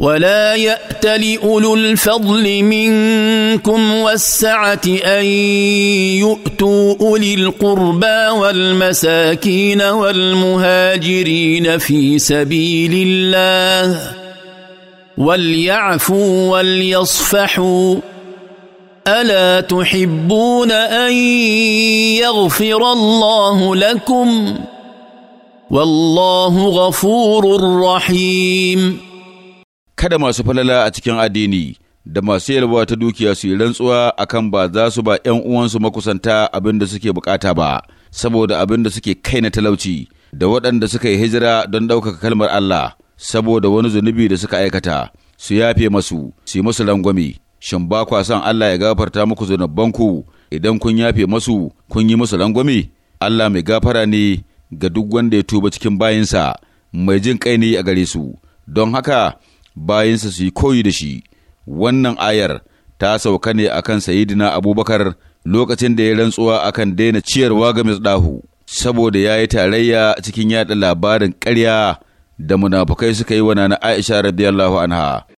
ولا يات لاولو الفضل منكم والسعه ان يؤتوا اولي القربى والمساكين والمهاجرين في سبيل الله وليعفوا وليصفحوا الا تحبون ان يغفر الله لكم والله غفور رحيم kada masu falala a cikin addini da masu yalwa ta dukiya su yi rantsuwa a kan ba za su ba 'yan uwansu makusanta abin da suke bukata ba saboda abin da suke kai na talauci da waɗanda suka yi hijira don ɗaukaka kalmar Allah saboda wani zunubi da suka aikata su yafe masu su yi musu langwami shin ba kwa son Allah ya gafarta muku zunubanku idan kun yafe masu kun yi musu langwami Allah mai gafara ne ga duk wanda ya tuba cikin bayinsa mai jin kai ne a gare su don haka bayinsa su yi koyi da shi wannan ayar ta sauka ne akan sayidina abubakar lokacin da ya rantsuwa akan daina ciyarwa ga misdahu saboda ya yi tarayya cikin yaɗa labarin ƙarya da munafukai suka yi wa nana aisha radiyallahu anha